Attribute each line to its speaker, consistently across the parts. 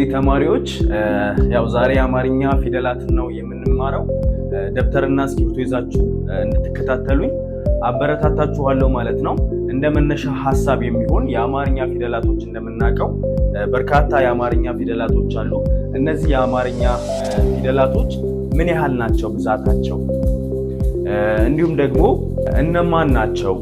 Speaker 1: እንግዲህ ተማሪዎች ያው ዛሬ የአማርኛ ፊደላትን ነው የምንማረው። ደብተርና እስክሪብቶ ይዛችሁ እንድትከታተሉኝ አበረታታችኋለሁ ማለት ነው። እንደ መነሻ ሀሳብ የሚሆን የአማርኛ ፊደላቶች እንደምናውቀው በርካታ የአማርኛ ፊደላቶች አሉ። እነዚህ የአማርኛ ፊደላቶች ምን ያህል ናቸው ብዛታቸው፣ እንዲሁም ደግሞ እነማን ናቸው፣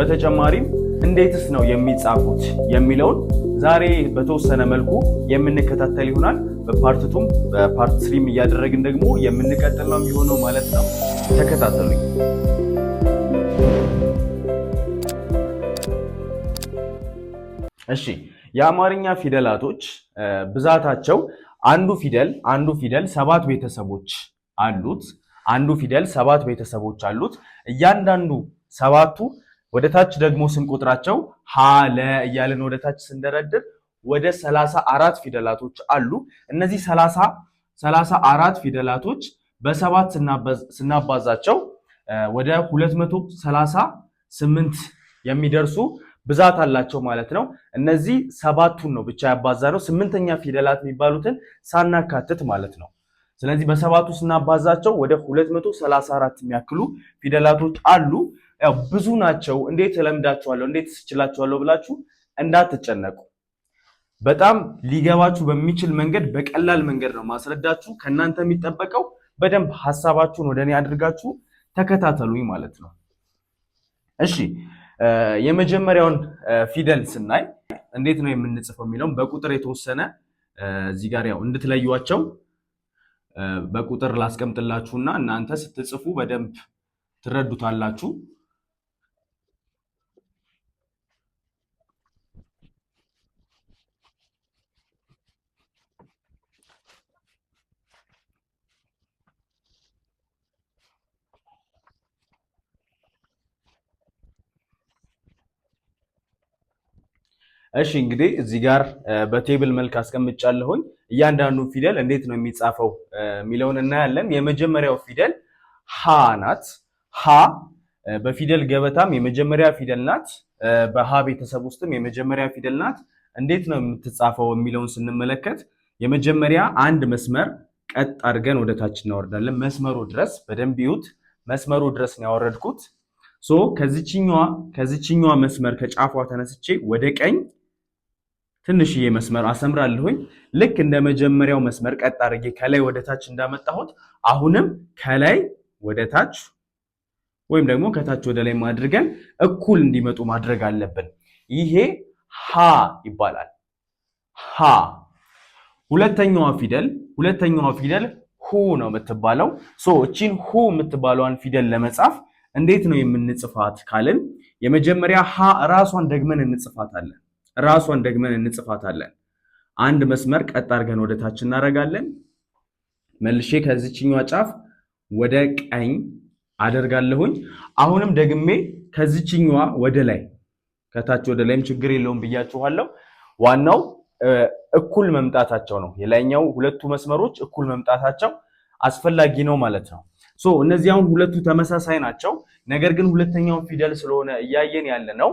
Speaker 1: በተጨማሪም እንዴትስ ነው የሚጻፉት የሚለውን ዛሬ በተወሰነ መልኩ የምንከታተል ይሆናል። በፓርትቱም በፓርት ስሪም እያደረግን ደግሞ የምንቀጥል ነው የሚሆነው ማለት ነው። ተከታተሉኝ። እሺ የአማርኛ ፊደላቶች ብዛታቸው አንዱ ፊደል አንዱ ፊደል ሰባት ቤተሰቦች አሉት። አንዱ ፊደል ሰባት ቤተሰቦች አሉት። እያንዳንዱ ሰባቱ ወደ ታች ደግሞ ስንቆጥራቸው ሃ ለ እያለን ወደ ታች ስንደረድር ወደ ሰላሳ አራት ፊደላቶች አሉ። እነዚህ ሰላሳ አራት ፊደላቶች በሰባት ስናባዛቸው ወደ ሁለት መቶ ሰላሳ ስምንት የሚደርሱ ብዛት አላቸው ማለት ነው። እነዚህ ሰባቱን ነው ብቻ ያባዛ ነው ስምንተኛ ፊደላት የሚባሉትን ሳናካትት ማለት ነው። ስለዚህ በሰባቱ ስናባዛቸው ወደ 234 የሚያክሉ ፊደላቶች አሉ። ያው ብዙ ናቸው። እንዴት እለምዳችኋለሁ፣ እንዴት ስችላቸዋለሁ ብላችሁ እንዳትጨነቁ። በጣም ሊገባችሁ በሚችል መንገድ በቀላል መንገድ ነው ማስረዳችሁ። ከእናንተ የሚጠበቀው በደንብ ሀሳባችሁን ወደ እኔ አድርጋችሁ ተከታተሉኝ ማለት ነው። እሺ የመጀመሪያውን ፊደል ስናይ እንዴት ነው የምንጽፈው የሚለውም በቁጥር የተወሰነ እዚህ ጋር ያው እንድትለዩቸው በቁጥር ላስቀምጥላችሁና እናንተ ስትጽፉ በደንብ ትረዱታላችሁ። እሺ እንግዲህ እዚህ ጋር በቴብል መልክ አስቀምጫለሁኝ። እያንዳንዱ ፊደል እንዴት ነው የሚጻፈው የሚለውን እናያለን። የመጀመሪያው ፊደል ሀ ናት። ሀ በፊደል ገበታም የመጀመሪያ ፊደል ናት። በሀ ቤተሰብ ውስጥም የመጀመሪያ ፊደል ናት። እንዴት ነው የምትጻፈው የሚለውን ስንመለከት የመጀመሪያ አንድ መስመር ቀጥ አድርገን ወደ ታች እናወርዳለን። መስመሩ ድረስ በደንብ ይዩት። መስመሩ ድረስ ነው ያወረድኩት። ሶ ከዚችኛዋ ከዚችኛዋ መስመር ከጫፏ ተነስቼ ወደ ቀኝ ትንሽዬ መስመር አሰምራለሁኝ። ልክ እንደ መጀመሪያው መስመር ቀጥ አድርጌ ከላይ ወደ ታች እንዳመጣሁት አሁንም ከላይ ወደ ታች ወይም ደግሞ ከታች ወደ ላይ ማድርገን እኩል እንዲመጡ ማድረግ አለብን። ይሄ ሀ ይባላል። ሀ ሁለተኛዋ ፊደል ሁለተኛዋ ፊደል ሁ ነው የምትባለው። ሶ እቺን ሁ የምትባለዋን ፊደል ለመጻፍ እንዴት ነው የምንጽፋት ካልን የመጀመሪያ ሀ እራሷን ደግመን እንጽፋታለን። ራሷን ደግመን እንጽፋታለን። አንድ መስመር ቀጥ አድርገን ወደ ታች እናደርጋለን። መልሼ ከዚችኛዋ ጫፍ ወደ ቀኝ አደርጋለሁኝ። አሁንም ደግሜ ከዚችኛዋ ወደ ላይ ከታች ወደ ላይም ችግር የለውም ብያችኋለሁ። ዋናው እኩል መምጣታቸው ነው። የላይኛው ሁለቱ መስመሮች እኩል መምጣታቸው አስፈላጊ ነው ማለት ነው። ሶ እነዚህ አሁን ሁለቱ ተመሳሳይ ናቸው። ነገር ግን ሁለተኛውን ፊደል ስለሆነ እያየን ያለ ነው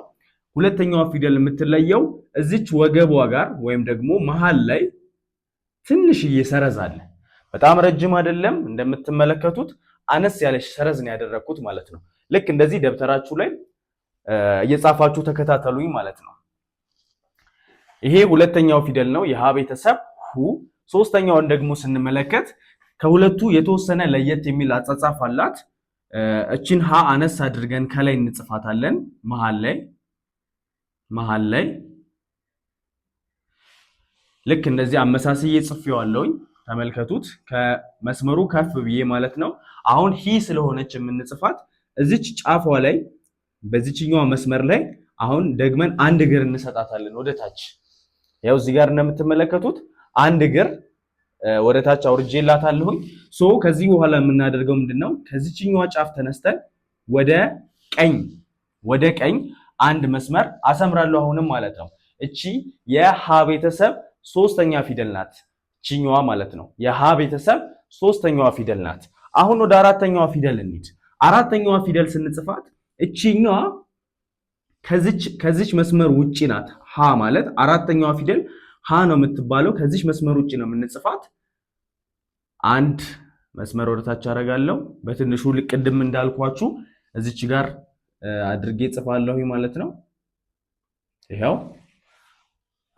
Speaker 1: ሁለተኛዋ ፊደል የምትለየው እዚች ወገቧ ጋር ወይም ደግሞ መሃል ላይ ትንሽዬ ሰረዝ አለ። በጣም ረጅም አይደለም፣ እንደምትመለከቱት አነስ ያለች ሰረዝ ነው ያደረግኩት ማለት ነው። ልክ እንደዚህ ደብተራችሁ ላይ እየጻፋችሁ ተከታተሉኝ ማለት ነው። ይሄ ሁለተኛው ፊደል ነው የሀ ቤተሰብ ሁ። ሶስተኛውን ደግሞ ስንመለከት ከሁለቱ የተወሰነ ለየት የሚል አጻጻፍ አላት። እችን ሀ አነስ አድርገን ከላይ እንጽፋታለን መሃል ላይ መሀል ላይ ልክ እንደዚህ አመሳስዬ ጽፌዋለሁኝ። ተመልከቱት። ከመስመሩ ከፍ ብዬ ማለት ነው። አሁን ሂ ስለሆነች የምንጽፋት እዚች ጫፏ ላይ በዚችኛዋ መስመር ላይ አሁን ደግመን አንድ እግር እንሰጣታለን ወደ ታች። ያው እዚህ ጋር እንደምትመለከቱት አንድ እግር ወደ ታች አውርጄላታለሁኝ። ሶ ከዚህ በኋላ የምናደርገው ምንድነው? ከዚችኛዋ ጫፍ ተነስተን ወደ ቀኝ ወደ ቀኝ አንድ መስመር አሰምራለሁ አሁንም ማለት ነው። እቺ የሀ ቤተሰብ ሶስተኛ ፊደል ናት። ችኛዋ ማለት ነው የሀ ቤተሰብ ሶስተኛዋ ፊደል ናት። አሁን ወደ አራተኛዋ ፊደል እንሂድ። አራተኛዋ ፊደል ስንጽፋት እቺኛዋ ከዚች ከዚች መስመር ውጪ ናት። ሀ ማለት አራተኛዋ ፊደል ሀ ነው የምትባለው። ከዚች መስመር ውጪ ነው የምንጽፋት። አንድ መስመር ወደታች አደርጋለሁ በትንሹ ልቅድም እንዳልኳችሁ እዚች ጋር አድርጌ ጽፋለሁ ማለት ነው። ይኸው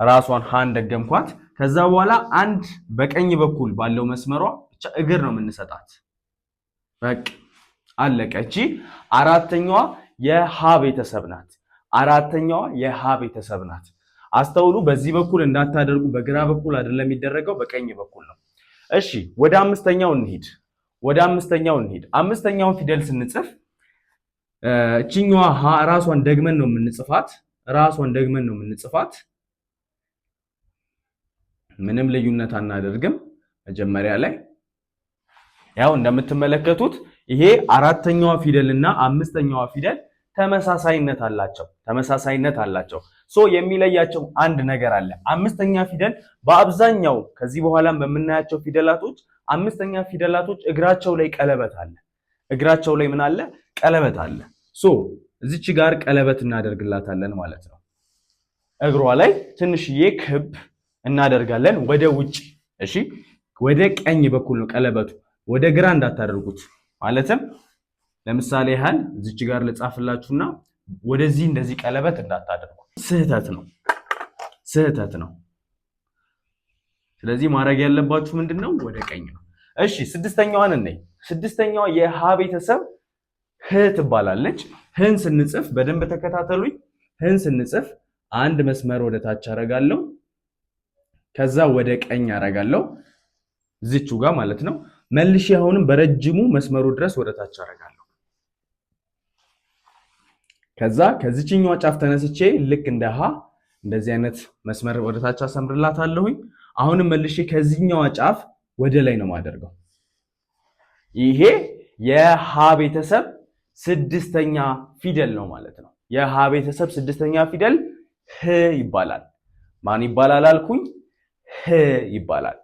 Speaker 1: ራሷን ሃን ደገምኳት። ከዛ በኋላ አንድ በቀኝ በኩል ባለው መስመሯ ብቻ እግር ነው የምንሰጣት። በቃ አለቀ። እቺ አራተኛዋ የሃ ቤተሰብ ናት። አራተኛዋ የሃ ቤተሰብ ናት። አስተውሉ። በዚህ በኩል እንዳታደርጉ። በግራ በኩል አይደለም የሚደረገው፣ በቀኝ በኩል ነው። እሺ፣ ወደ አምስተኛው እንሂድ። ወደ አምስተኛው እንሂድ። አምስተኛውን ፊደል ስንጽፍ እችኛዋ ሀ ራሷን ደግመን ነው የምንጽፋት። ራሷን ደግመን ነው የምንጽፋት። ምንም ልዩነት አናደርግም። መጀመሪያ ላይ ያው እንደምትመለከቱት ይሄ አራተኛዋ ፊደል እና አምስተኛዋ ፊደል ተመሳሳይነት አላቸው። ተመሳሳይነት አላቸው። ሶ የሚለያቸው አንድ ነገር አለ። አምስተኛ ፊደል በአብዛኛው ከዚህ በኋላ በምናያቸው ፊደላቶች አምስተኛ ፊደላቶች እግራቸው ላይ ቀለበት አለ። እግራቸው ላይ ምን አለ? ቀለበት አለ። ሶ እዚች ጋር ቀለበት እናደርግላታለን ማለት ነው። እግሯ ላይ ትንሽዬ ክብ እናደርጋለን ወደ ውጭ። እሺ፣ ወደ ቀኝ በኩል ነው ቀለበቱ፣ ወደ ግራ እንዳታደርጉት። ማለትም ለምሳሌ ያህል እዚች ጋር ልጻፍላችሁና ወደዚህ እንደዚህ ቀለበት እንዳታደርጉ። ስህተት ነው፣ ስህተት ነው። ስለዚህ ማድረግ ያለባችሁ ምንድን ነው? ወደ ቀኝ ነው። እሺ፣ ስድስተኛዋን እነይ። ስድስተኛዋ የሀ ቤተሰብ ህ ትባላለች። ህን ስንጽፍ በደንብ ተከታተሉኝ። ህን ስንጽፍ አንድ መስመር ወደ ታች አረጋለሁ፣ ከዛ ወደ ቀኝ አረጋለሁ፣ እዚቹ ጋር ማለት ነው። መልሼ አሁንም በረጅሙ መስመሩ ድረስ ወደ ታች አረጋለሁ። ከዛ ከዚችኛዋ ጫፍ ተነስቼ ልክ እንደ ሀ እንደዚህ አይነት መስመር ወደ ታች አሰምርላታለሁኝ። አሁንም መልሼ ከዚህኛዋ ጫፍ ወደ ላይ ነው የማደርገው። ይሄ የሀ ቤተሰብ ስድስተኛ ፊደል ነው ማለት ነው። የሀ ቤተሰብ ስድስተኛ ፊደል ህ ይባላል። ማን ይባላል አልኩኝ? ህ ይባላል።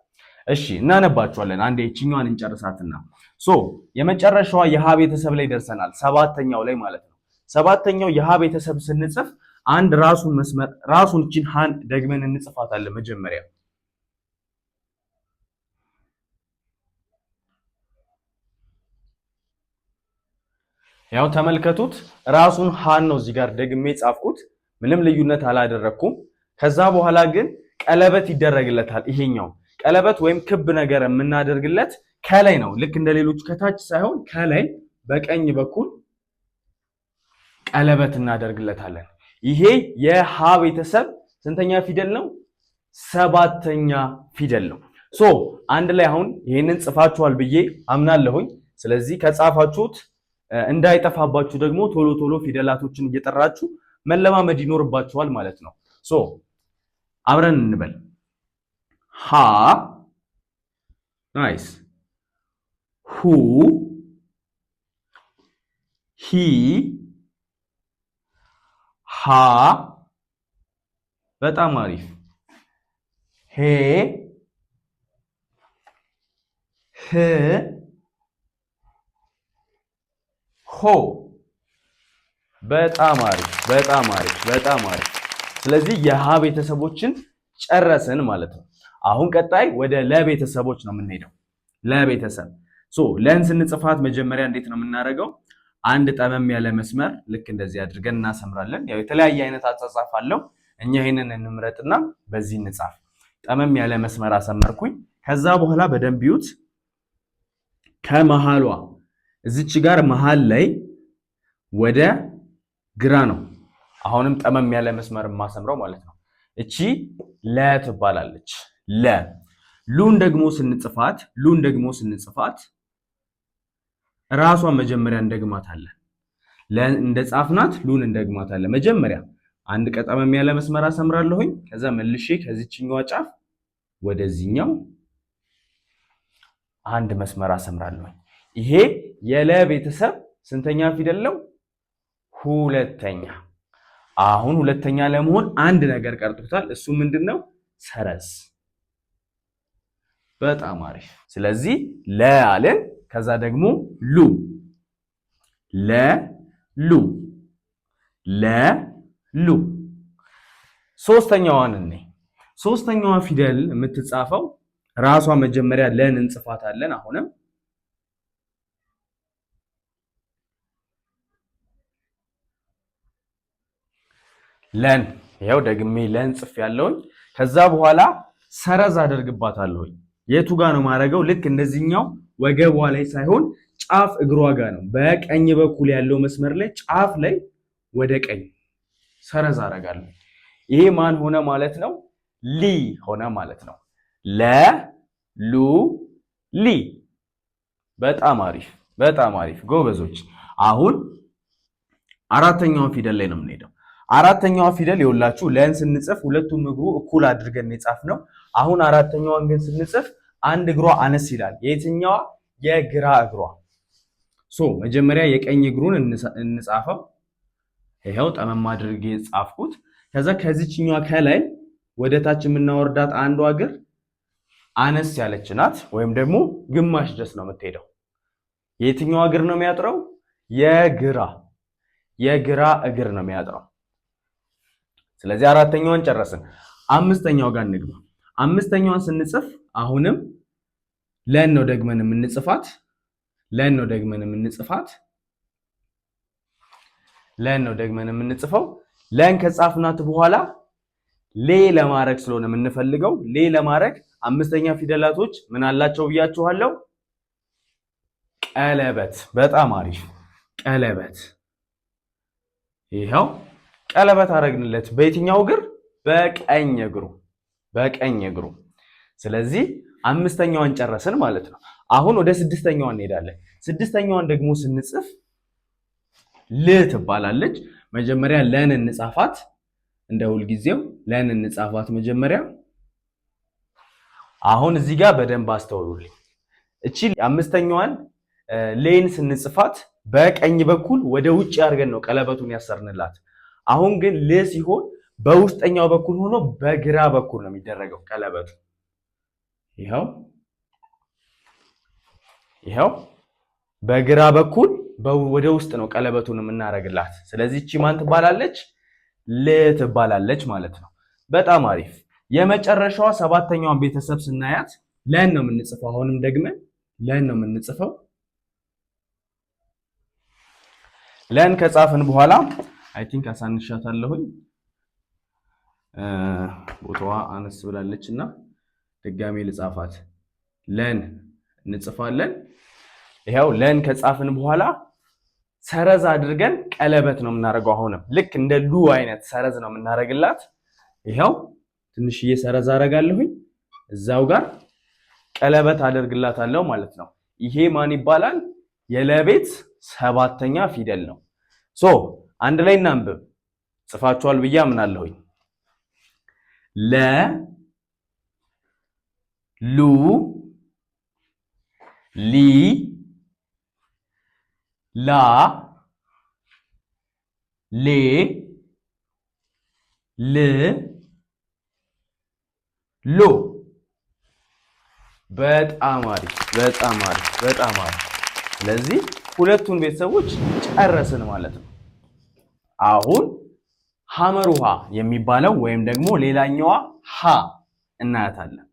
Speaker 1: እሺ እናነባችኋለን አንድ የችኛዋን እንጨርሳትና ሶ የመጨረሻዋ የሀ ቤተሰብ ላይ ደርሰናል። ሰባተኛው ላይ ማለት ነው። ሰባተኛው የሀ ቤተሰብ ስንጽፍ አንድ ራሱን መስመር ራሱን ችን ሀን ደግመን እንጽፋታለን መጀመሪያ ያው ተመልከቱት ራሱን ሃን ነው እዚህ ጋር ደግሜ ጻፍኩት። ምንም ልዩነት አላደረኩም። ከዛ በኋላ ግን ቀለበት ይደረግለታል። ይሄኛው ቀለበት ወይም ክብ ነገር የምናደርግለት ከላይ ነው። ልክ እንደ ሌሎቹ ከታች ሳይሆን ከላይ በቀኝ በኩል ቀለበት እናደርግለታለን። ይሄ የሃ ቤተሰብ ስንተኛ ፊደል ነው? ሰባተኛ ፊደል ነው። ሶ አንድ ላይ አሁን ይህንን ጽፋችኋል ብዬ አምናለሁኝ። ስለዚህ ከጻፋችሁት እንዳይጠፋባችሁ ደግሞ ቶሎ ቶሎ ፊደላቶችን እየጠራችሁ መለማመድ ይኖርባችኋል ማለት ነው። ሶ አብረን እንበል ሀ ናይስ ሁ ሂ ሃ በጣም አሪፍ ሄ ህ ሆ በጣም አሪፍ በጣም አሪፍ በጣም አሪፍ። ስለዚህ የሃ ቤተሰቦችን ጨረስን ማለት ነው። አሁን ቀጣይ ወደ ለቤተሰቦች ነው የምንሄደው። ለቤተሰብ ሶ ለን ስንጽፋት መጀመሪያ እንዴት ነው የምናደርገው? አንድ ጠመም ያለ መስመር ልክ እንደዚህ አድርገን እናሰምራለን። ያው የተለያየ አይነት አጻጻፍ አለው። እኛ ይሄንን እንምረጥና በዚህ እንጻፍ። ጠመም ያለ መስመር አሰመርኩኝ። ከዛ በኋላ በደንብ ይዩት ከመሃሏ እዚች ጋር መሃል ላይ ወደ ግራ ነው። አሁንም ጠመም ያለ መስመር የማሰምረው ማለት ነው። እቺ ለ ትባላለች። ለ ሉን ደግሞ ስንጽፋት ሉን ደግሞ ስንጽፋት ራሷ መጀመሪያ እንደግማታለን። ለ እንደ ጻፍናት ሉን እንደግማታለን። መጀመሪያ አንድ ቀጠመም ያለ መስመር አሰምራለሁኝ። ከዛ መልሼ ከዚችኛዋ ጫፍ ወደዚህኛው አንድ መስመር አሰምራለሁኝ። ይሄ የለ ቤተሰብ ስንተኛ ፊደል ነው? ሁለተኛ። አሁን ሁለተኛ ለመሆን አንድ ነገር ቀርቶታል። እሱ ምንድን ነው? ሰረዝ። በጣም አሪፍ። ስለዚህ ለ አልን። ከዛ ደግሞ ሉ ለ ሉ ለ ሉ። ሶስተኛዋን እኔ ሶስተኛዋ ፊደል የምትጻፈው ራሷ መጀመሪያ ለን እንጽፋታለን አሁንም ለን ያው ደግሜ ለን ጽፍ ያለውኝ። ከዛ በኋላ ሰረዝ አደርግባታለሁኝ። የቱ ጋ ነው ማድረገው? ልክ እንደዚህኛው ወገቧ ላይ ሳይሆን ጫፍ እግሯ ጋ ነው። በቀኝ በኩል ያለው መስመር ላይ ጫፍ ላይ ወደ ቀኝ ሰረዝ አደርጋለሁ። ይሄ ማን ሆነ ማለት ነው? ሊ ሆነ ማለት ነው። ለ ሉ ሊ። በጣም አሪፍ፣ በጣም አሪፍ ጎበዞች። አሁን አራተኛውን ፊደል ላይ ነው የምንሄደው። አራተኛዋ ፊደል የውላችሁ ለን ስንጽፍ ሁለቱም እግሩ እኩል አድርገን የጻፍ ነው። አሁን አራተኛዋን ግን ስንጽፍ አንድ እግሯ አነስ ይላል። የትኛዋ? የግራ እግሯ። ሶ መጀመሪያ የቀኝ እግሩን እንጻፈው። ይኸው ጠመም አድርጌ ጻፍኩት። ከዛ ከዚችኛዋ ከላይ ወደ ታች የምናወርዳት አንዷ እግር አነስ ያለች ናት፣ ወይም ደግሞ ግማሽ ድረስ ነው የምትሄደው። የትኛዋ እግር ነው የሚያጥረው? የግራ የግራ እግር ነው የሚያጥረው። ስለዚህ አራተኛዋን ጨረስን። አምስተኛው ጋር እንግባ። አምስተኛዋን ስንጽፍ አሁንም ለን ነው ደግመን የምንጽፋት ለን ነው ደግመን የምንጽፋት ለን ነው ደግመን የምንጽፈው። ለን ከጻፍናት በኋላ ሌ ለማድረግ ስለሆነ የምንፈልገው ሌ ለማድረግ አምስተኛ ፊደላቶች ምን አላቸው ብያችኋለሁ? ቀለበት። በጣም አሪፍ ቀለበት ይኸው ቀለበት አደረግንለት። በየትኛው እግር? በቀኝ እግሩ በቀኝ እግሩ። ስለዚህ አምስተኛዋን ጨረስን ማለት ነው። አሁን ወደ ስድስተኛዋ እንሄዳለን። ስድስተኛዋን ደግሞ ስንጽፍ ል ትባላለች። መጀመሪያ ለን እንጻፋት፣ እንደ ሁልጊዜው ለን እንጻፋት መጀመሪያ። አሁን እዚህ ጋር በደንብ አስተውሉልኝ። እቺ አምስተኛዋን ሌን ስንጽፋት በቀኝ በኩል ወደ ውጭ አድርገን ነው ቀለበቱን ያሰርንላት። አሁን ግን ል ሲሆን በውስጠኛው በኩል ሆኖ በግራ በኩል ነው የሚደረገው ቀለበቱ። ይኸው ይኸው በግራ በኩል ወደ ውስጥ ነው ቀለበቱን የምናደርግላት። ስለዚህ እቺ ማን ትባላለች? ል ትባላለች ማለት ነው። በጣም አሪፍ። የመጨረሻዋ ሰባተኛዋን ቤተሰብ ስናያት ለን ነው የምንጽፈው። አሁንም ደግመን ለን ነው የምንጽፈው። ለን ከጻፍን በኋላ አይ ቲንክ አሳንሻታለሁኝ። ቦታዋ አነስ ብላለች እና ድጋሜ ልጻፋት። ለን እንጽፋለን። ይኸው ለን ከጻፍን በኋላ ሰረዝ አድርገን ቀለበት ነው የምናደርገው። አሁንም ልክ እንደ ሉ አይነት ሰረዝ ነው የምናደርግላት። ይኸው ትንሽዬ ሰረዝ አደርጋለሁኝ እዛው ጋር ቀለበት አደርግላታለሁ ማለት ነው። ይሄ ማን ይባላል? የለቤት ሰባተኛ ፊደል ነው። ሶ አንድ ላይ እናንብብ። ጽፋችኋል ብዬ አምናለሁኝ። ለ ሉ ሊ ላ ሌ ል ሎ በጣም አሪፍ በጣም አሪፍ በጣም አሪፍ። ስለዚህ ሁለቱን ቤተሰቦች ጨረስን ማለት ነው። አሁን ሐመር ውሃ የሚባለው ወይም ደግሞ ሌላኛዋ ሀ እናያታለን።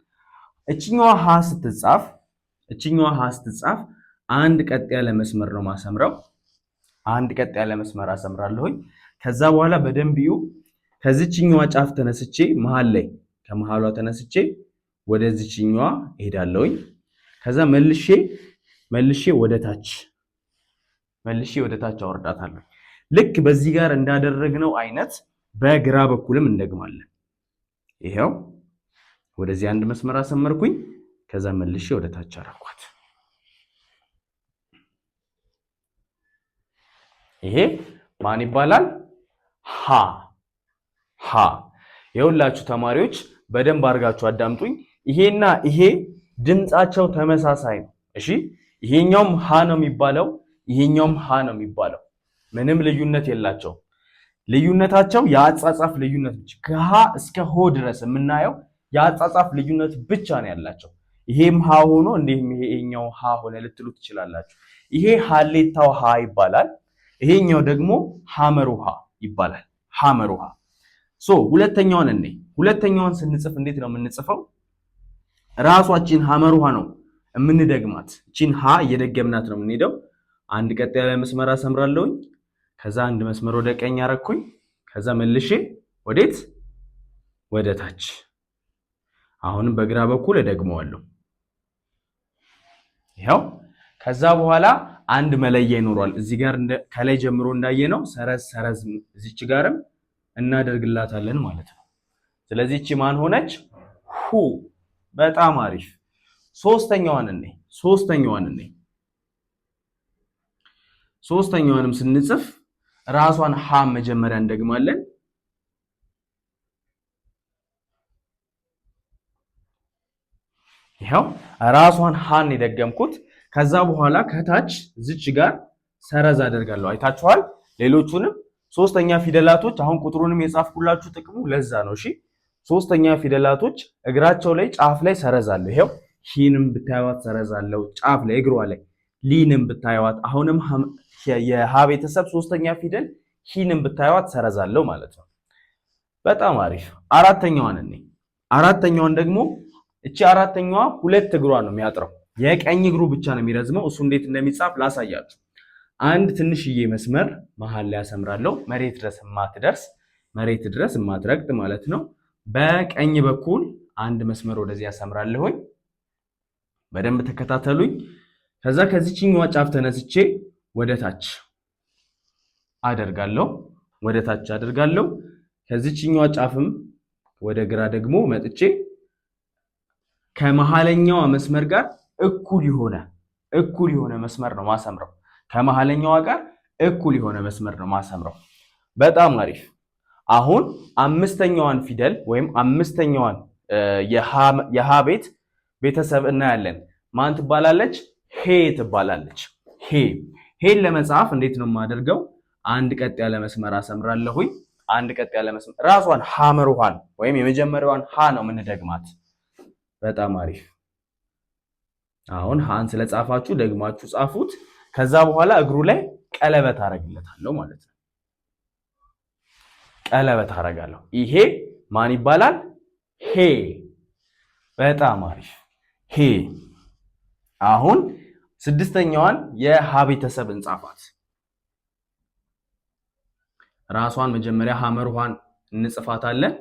Speaker 1: እችኛዋ ሀ ስትጻፍ እችኛዋ ሀ ስትጻፍ አንድ ቀጥ ያለ መስመር ነው ማሰምረው። አንድ ቀጥ ያለ መስመር አሰምራለሁኝ። ከዛ በኋላ በደንብ ይዩ። ከዚችኛዋ ጫፍ ተነስቼ መሀል ላይ ከመሀሏ ተነስቼ ወደዚችኛዋ እሄዳለሁኝ። ከዛ መልሼ መልሼ ወደ ታች መልሼ ወደ ታች አወርዳታለሁ። ልክ በዚህ ጋር እንዳደረግነው አይነት በግራ በኩልም እንደግማለን። ይሄው ወደዚህ አንድ መስመር አሰመርኩኝ። ከዛ መልሼ ወደ ታች አረኳት። ይሄ ማን ይባላል? ሀ ሀ። የሁላችሁ ተማሪዎች በደንብ አድርጋችሁ አዳምጡኝ። ይሄና ይሄ ድምፃቸው ተመሳሳይ ነው። እሺ፣ ይሄኛውም ሀ ነው የሚባለው፣ ይሄኛውም ሀ ነው የሚባለው። ምንም ልዩነት የላቸውም። ልዩነታቸው የአጻጻፍ ልዩነት ብቻ ከሀ እስከ ሆ ድረስ የምናየው የአጻጻፍ ልዩነት ብቻ ነው ያላቸው። ይሄም ሀ ሆኖ እንዲህም ይሄኛው ሀ ሆነ ልትሉ ትችላላችሁ። ይሄ ሀሌታው ሀ ይባላል። ይሄኛው ደግሞ ሀመር ውሃ ይባላል። ሀመር ውሃ ሶ ሁለተኛውን እኔ ሁለተኛውን ስንጽፍ እንዴት ነው የምንጽፈው? ራሷችን ሀመር ውሃ ነው የምንደግማት። ቺን ሀ እየደገምናት ነው የምንሄደው። አንድ ቀጥ ያለ መስመር አሰምራለሁኝ። ከዛ አንድ መስመር ወደ ቀኝ አረኩኝ። ከዛ መልሼ ወዴት ወደ ታች። አሁንም በግራ በኩል እደግመዋለሁ። ይኸው ከዛ በኋላ አንድ መለያ ይኖረዋል። እዚህ ጋር ከላይ ጀምሮ እንዳየነው ሰረዝ ሰረዝ እዚች ጋርም እናደርግላታለን ማለት ነው። ስለዚህ እቺ ማን ሆነች? ሁ። በጣም አሪፍ። ሶስተኛዋን እኔ ሶስተኛዋን እኔ ሶስተኛዋንም ስንጽፍ ራሷን ሀ መጀመሪያ እንደግማለን። ይኸው ራሷን ሀን የደገምኩት። ከዛ በኋላ ከታች ዝች ጋር ሰረዝ አደርጋለሁ። አይታችኋል። ሌሎቹንም ሶስተኛ ፊደላቶች አሁን ቁጥሩንም የጻፍኩላችሁ ጥቅሙ ለዛ ነው። እሺ ሶስተኛ ፊደላቶች እግራቸው ላይ ጫፍ ላይ ሰረዝ አለው። ይኸው ሂንም ብታዩት ሰረዝ አለው ጫፍ ላይ እግሯ ላይ ሊንም ብታየዋት አሁንም የሀ ቤተሰብ ሶስተኛ ፊደል ሂንም ብታየዋት ሰረዛለው ማለት ነው። በጣም አሪፍ። አራተኛዋን እኔ አራተኛዋን ደግሞ እቺ አራተኛዋ ሁለት እግሯ ነው የሚያጥረው፣ የቀኝ እግሩ ብቻ ነው የሚረዝመው። እሱ እንዴት እንደሚጻፍ ላሳያችሁ። አንድ ትንሽዬ መስመር መሀል ላይ ያሰምራለው፣ መሬት ድረስ የማትደርስ መሬት ድረስ የማትረግጥ ማለት ነው። በቀኝ በኩል አንድ መስመር ወደዚህ ያሰምራለሁኝ። በደንብ ተከታተሉኝ። ከዛ ከዚችኛዋ ጫፍ ተነስቼ ወደ ታች አደርጋለሁ፣ ወደ ታች አደርጋለሁ። ከዚችኛዋ ጫፍም ወደ ግራ ደግሞ መጥቼ ከመሃለኛዋ መስመር ጋር እኩል የሆነ እኩል የሆነ መስመር ነው ማሰምረው። ከመሃለኛዋ ጋር እኩል የሆነ መስመር ነው ማሰምረው። በጣም አሪፍ። አሁን አምስተኛዋን ፊደል ወይም አምስተኛዋን የሃ ቤት ቤተሰብ እናያለን። ማን ትባላለች? ሄ ትባላለች። ሄ ሄን ለመጻፍ እንዴት ነው የማደርገው? አንድ ቀጥ ያለ መስመር አሰምራለሁኝ። አንድ ቀጥ ያለ መስመር ራሷን ሐመሩሃን ወይም የመጀመሪያዋን ሀ ነው የምንደግማት። በጣም አሪፍ። አሁን ሀን ስለጻፋችሁ ደግማችሁ ጻፉት። ከዛ በኋላ እግሩ ላይ ቀለበት አረግለታለሁ ማለት ነው። ቀለበት አረጋለሁ። ይሄ ማን ይባላል? ሄ። በጣም አሪፍ ሄ። አሁን ስድስተኛዋን የሀ ቤተሰብ እንጻፋት። ራሷን መጀመሪያ ሀመርኋን እንጽፋታለን።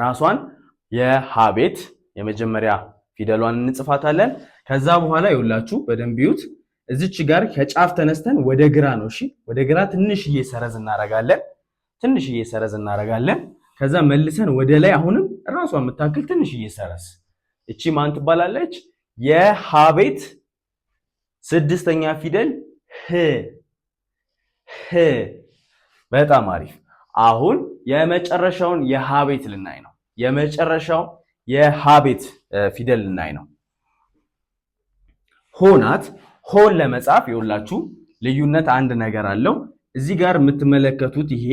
Speaker 1: ራሷን የሀ ቤት የመጀመሪያ ፊደሏን እንጽፋታለን። ከዛ በኋላ ይውላችሁ በደንብ ይዩት። እዚች ጋር ከጫፍ ተነስተን ወደ ግራ ነው። እሺ ወደ ግራ ትንሽዬ ሰረዝ እናረጋለን። ትንሽዬ ሰረዝ እናረጋለን። ከዛ መልሰን ወደ ላይ አሁንም ራሷን የምታክል ትንሽዬ ሰረዝ። እቺ ማን ትባላለች? የሃ ቤት ስድስተኛ ፊደል ህ ህ። በጣም አሪፍ። አሁን የመጨረሻውን የሃ ቤት ልናይ ነው። የመጨረሻው የሃ ቤት ፊደል ልናይ ነው። ሆናት ሆን ለመጻፍ የወላችሁ ልዩነት አንድ ነገር አለው። እዚህ ጋር የምትመለከቱት ይሄ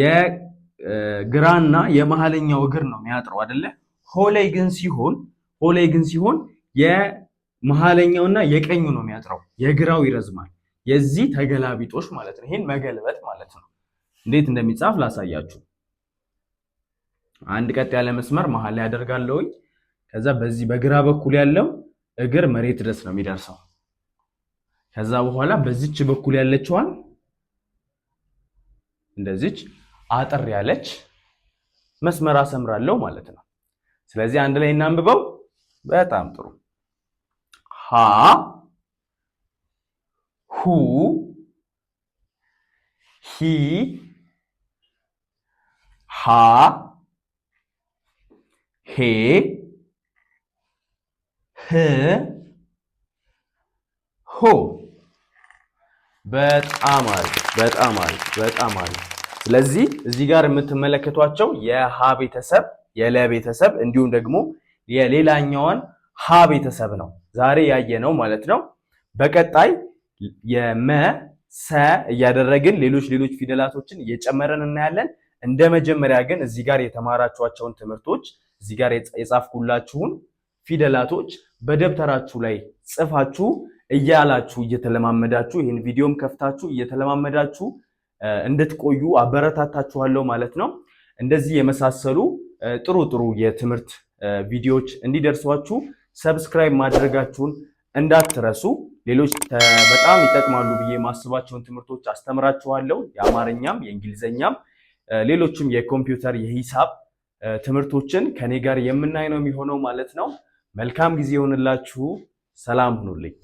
Speaker 1: የግራና የመሀለኛው እግር ነው የሚያጥረው አይደለ? ሆ ላይ ግን ሲሆን ሆ ላይ ግን ሲሆን የመሀለኛውና የቀኙ ነው የሚያጥረው፣ የግራው ይረዝማል። የዚህ ተገላቢጦሽ ማለት ነው። ይሄን መገልበጥ ማለት ነው። እንዴት እንደሚጻፍ ላሳያችሁ። አንድ ቀጥ ያለ መስመር መሀል ላይ ያደርጋለሁኝ። ከዛ በዚህ በግራ በኩል ያለው እግር መሬት ድረስ ነው የሚደርሰው። ከዛ በኋላ በዚች በኩል ያለችዋን እንደዚች አጥር ያለች መስመር አሰምራለሁ ማለት ነው። ስለዚህ አንድ ላይ እናንብበው። በጣም ጥሩ ሀ ሁ ሂ ሃ ሄ ህ ሆ። በጣም አሪፍ በጣም አሪፍ በጣም አሪፍ። ስለዚህ እዚህ ጋር የምትመለከቷቸው የሀ ቤተሰብ የለ ቤተሰብ እንዲሁም ደግሞ የሌላኛዋን ሀ ቤተሰብ ነው። ዛሬ ያየ ነው ማለት ነው። በቀጣይ የመ ሰ እያደረግን ሌሎች ሌሎች ፊደላቶችን እየጨመረን እናያለን። እንደ መጀመሪያ ግን እዚህ ጋር የተማራችኋቸውን ትምህርቶች እዚህ ጋር የጻፍኩላችሁን ፊደላቶች በደብተራችሁ ላይ ጽፋችሁ እያላችሁ እየተለማመዳችሁ ይህን ቪዲዮም ከፍታችሁ እየተለማመዳችሁ እንድትቆዩ አበረታታችኋለሁ ማለት ነው። እንደዚህ የመሳሰሉ ጥሩ ጥሩ የትምህርት ቪዲዮዎች እንዲደርሷችሁ ሰብስክራይብ ማድረጋችሁን እንዳትረሱ። ሌሎች በጣም ይጠቅማሉ ብዬ የማስባቸውን ትምህርቶች አስተምራችኋለሁ። የአማርኛም፣ የእንግሊዝኛም፣ ሌሎችም የኮምፒውተር የሂሳብ ትምህርቶችን ከኔ ጋር የምናይ ነው የሚሆነው ማለት ነው። መልካም ጊዜ ይሆንላችሁ። ሰላም ሁኑልኝ።